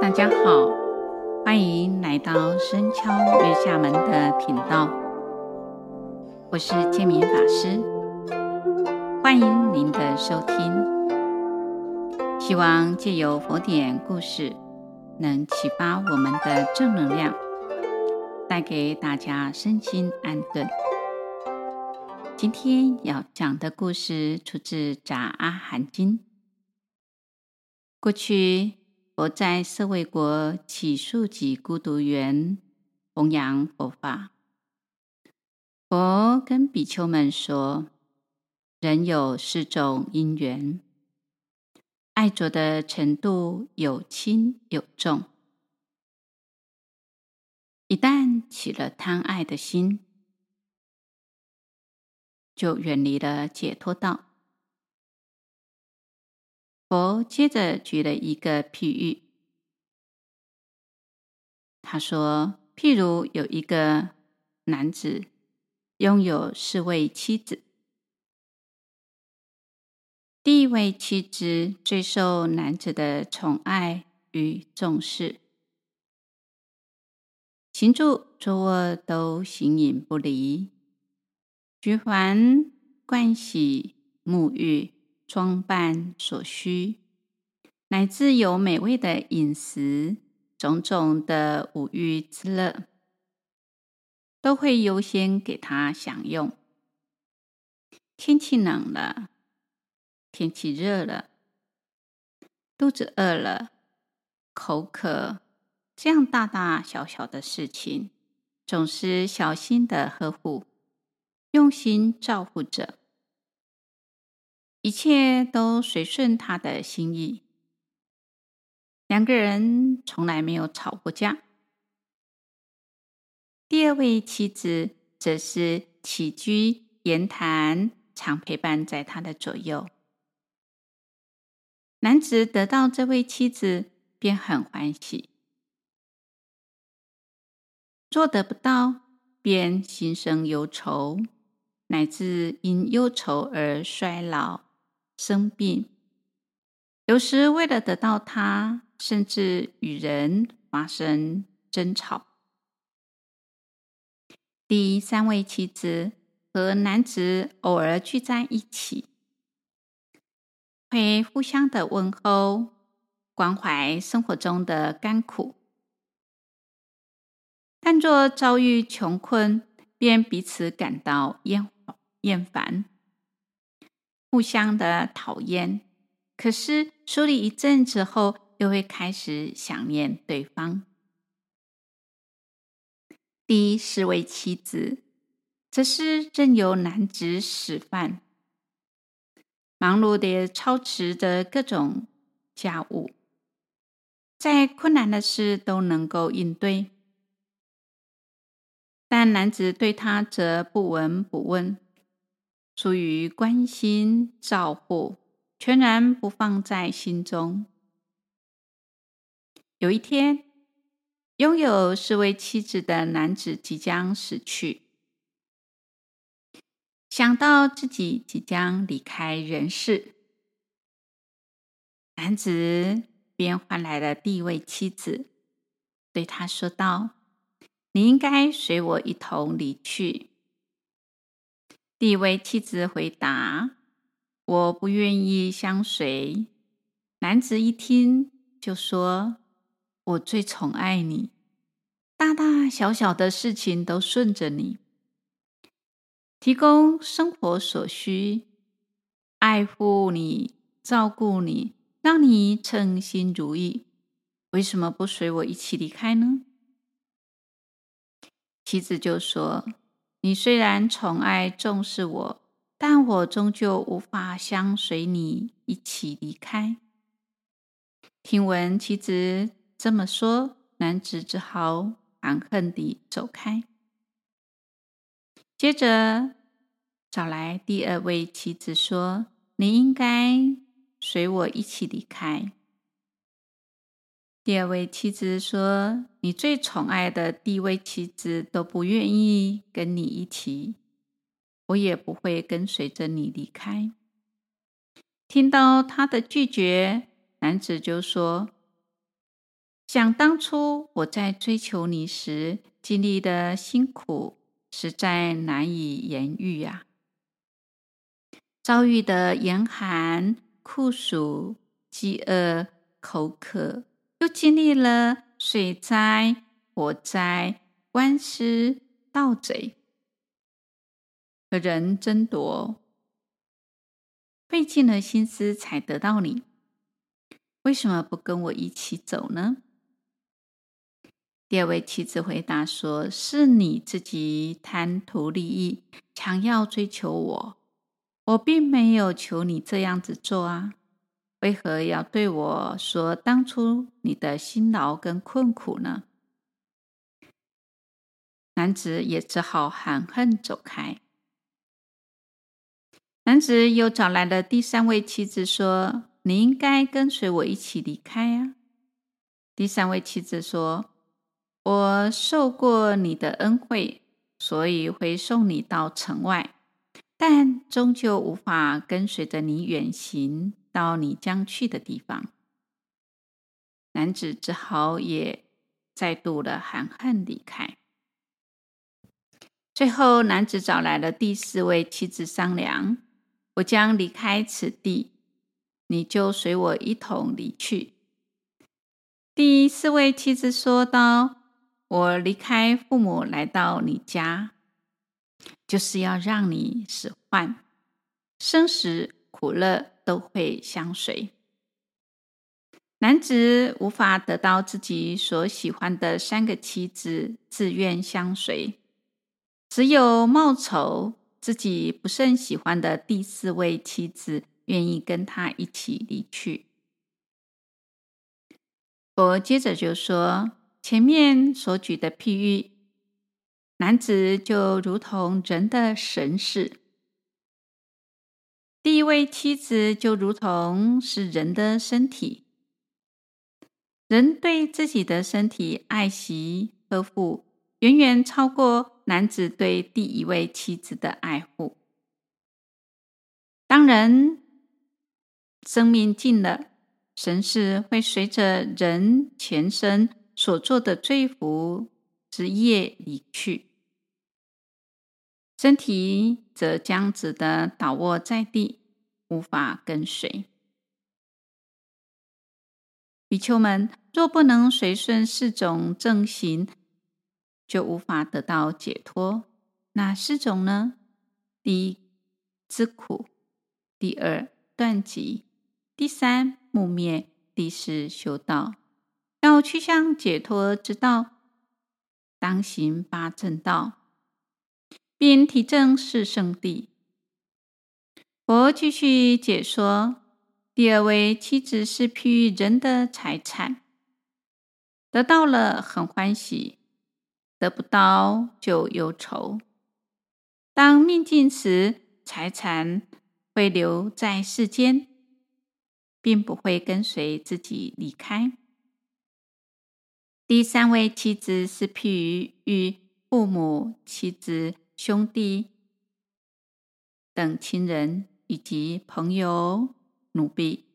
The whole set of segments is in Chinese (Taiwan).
大家好，歡迎來到僧敲月下門的頻道，我是建明法師，歡迎您的收聽。希望借由佛典故事，能啟發我們的正能量，帶給大家身心安頓。今天要講的故事出自《雜阿含經》，過去，佛在舍衛國祇樹給孤獨園弘揚佛法。佛跟比丘們說：人有四種因緣，愛着的程度有輕有重。一旦起了貪愛的心，就遠離了解脫道。佛接着舉了一個譬喻，他說：“譬如有一個男子，擁有四位妻子，第一位妻子最受男子的寵愛與重視，行住坐臥都形影不離，舉凡、盥洗、沐浴。”裝扮所需，乃至有美味的飲食、種種的五欲之樂，都會優先給他享用。天氣冷了，天氣熱了，肚子餓了，口渴，這樣大大小小的事情，總是小心的呵護，用心照顧着。一切都隨順他的心意，兩個人從來沒有吵過架。第二位妻子則是起居言談，常陪伴在他的左右。男子得到這位妻子，便很歡喜；若得不到，便心生憂愁，乃至因憂愁而衰老。生病，有時為了得到他，甚至與人發生爭吵。第三位妻子和男子偶爾聚在一起，會互相的問候、關懷生活中的甘苦，但若遭遇窮困，便彼此感到厭厭煩。互相的討厭，可是疏離一陣子後，又會開始想念對方。第四位妻子，則是任由男子使喚，忙碌的操持着各種家務，再困難的事都能夠應對，但男子對她則不聞不問。疏於關心照顧，全然不放在心中。有一天，擁有四位妻子的男子即將死去。想到自己即將離開人世，男子便喚來了第一位妻子，對她說道：“你應該隨我一同離去。”第一位妻子回答：“我不願意相隨。”男子一聽就說：“我最寵愛你，大大小小的事情都順着你，提供生活所需，愛護你，照顧你，讓你稱心如意。為什麼不隨我一起離開呢？”妻子就說。你雖然寵愛重視我，但我終究無法相隨你一起離開。聽聞妻子這麼說，男子只好含恨地走開。接着，找來第二位妻子說：“你應該隨我一起離開。”第二位妻子說：“你最寵愛的第一位妻子都不願意跟你一起，我也不會跟隨着你離開。”聽到他的拒絕，男子就說：“想當初我在追求你時經歷的辛苦，實在難以言喻呀、啊！遭遇的嚴寒、酷暑、飢餓、口渴。”經歷了水災、火災、官司、盜賊和人爭奪，費盡了心思才得到你，為什麼不跟我一起走呢？第二位妻子回答說：“是你自己貪圖利益，強要追求我，我並沒有求你這樣子做啊。”為何要對我說當初你的辛勞跟困苦呢？男子也只好含恨走開。男子又找來了第三位妻子，說：“你應該跟隨我一起離開呀。”第三位妻子說：“我受過你的恩惠，所以會送你到城外，但終究無法跟隨着你遠行。”到你將去的地方，男子只好也再度的含恨離開。最後，男子找來了第四位妻子商量：“我將離開此地，你就隨我一同離去。”第四位妻子說道：“我離開父母來到你家，就是要讓你使喚，生死苦樂。”都會相隨。男子無法得到自己所喜歡的三個妻子自願相隨，只有貌醜自己不甚喜歡的第四位妻子願意跟他一起離去。佛接着就說：前面所舉的譬喻，男子就如同人的神識。第一位妻子就如同是人的身體，人對自己的身體愛惜呵護，遠遠超過男子對第一位妻子的愛護。當人，生命盡了，神識會隨着人生前所做的罪福之業離去。身體則僵直地倒臥在地，無法跟隨。比丘們！若不能隨順四種正行，就無法得到解脫。哪四種呢？第一，知苦；第二，斷集；第三，慕滅；第四，修道。要趨向解脫之道，當行八正道。並體證四聖諦。我繼續解說：第二位妻子是譬喻人的財產，得到了很歡喜，得不到就憂愁。當命盡時，財產會留在世間，並不會跟隨自己離開。第三位妻子是譬喻與父母妻子。兄弟、等親人以及朋友、奴婢，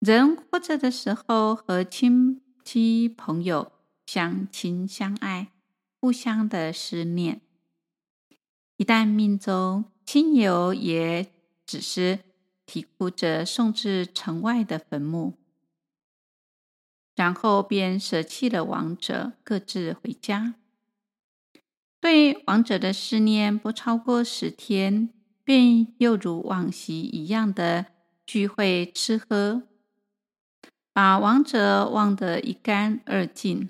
人活着的時候和親戚朋友相親相愛，互相的思念；一旦命終，親友也只是啼哭着送至城外的墳墓，然後便捨棄了亡者，各自回家。對亡者的思念不超過十天，便又如往昔一樣的聚會吃喝，把亡者忘得一乾二淨。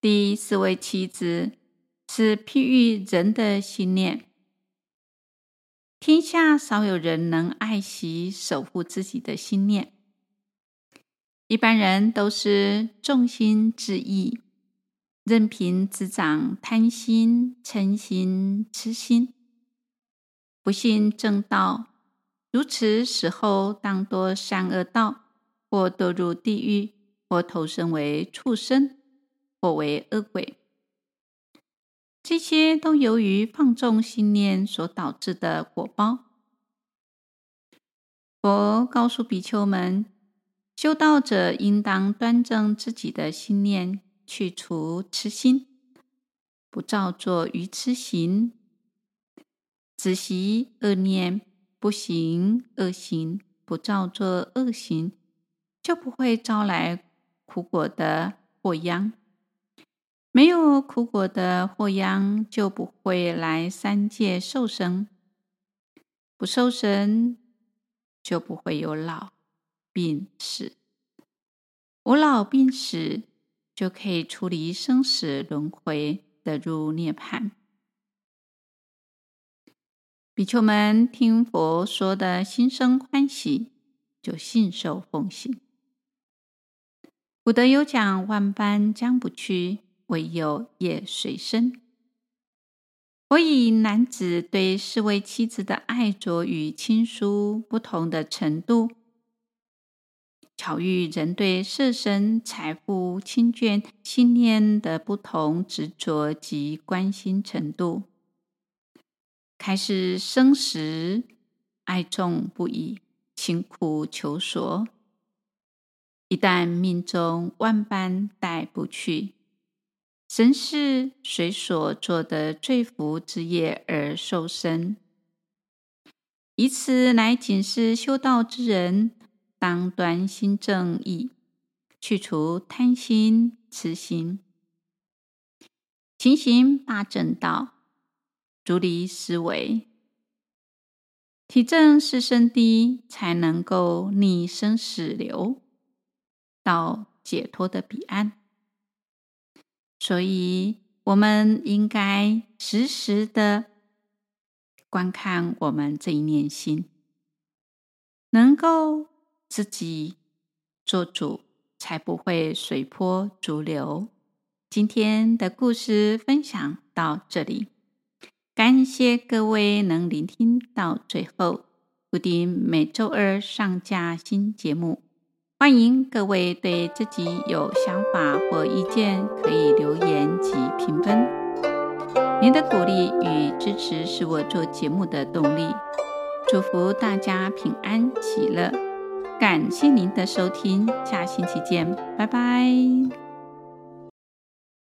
第四位妻子是譬喻人的心念，天下少有人能愛惜守護自己的心念，一般人都是縱心恣意。任憑滋長貪心、嗔心、癡心，不信正道，如此死後當墮三惡道，或墮入地獄，或投生為畜生，或為餓鬼。這些都由於放縱心念所導致的果報。佛告訴比丘們：修道者應當端正自己的心念。去除痴心，不造作愚痴行，止息惡念，不行惡行，不造作惡行，就不會招來苦果的禍殃。沒有苦果的禍殃，就不會來三界受生。不受生，就不會有老病死。無老病死。就可以出離生死輪迴，得入涅槃。比丘們聽佛說的，心生歡喜，就信受奉行。古德有講：“萬般將不去，唯有業隨身。”我以男子對四位妻子的愛着與親疏不同的程度。巧喻人對色身、財富、親眷、心念的不同執着及關心程度，開示生時愛重不已，勤苦求索；一旦命終萬般帶不去，神識隨所作的罪福之業而受生，以此來警示修道之人。當端心正意，去除貪心、痴心，勤行八正道，如理思惟，體證四聖諦，才能夠逆生死流，到解脫的彼岸。所以，我們應該時時的觀看我們這一念心，能夠。自己做主，才不會隨波逐流。今天的故事分享到這裡，感謝各位能聆聽到最後。固定每周二上架新節目，歡迎各位對自己有想法或意見可以留言及評分。您的鼓勵與支持是我做節目的動力。祝福大家平安喜樂。感謝您的收聽，下星期見，拜拜。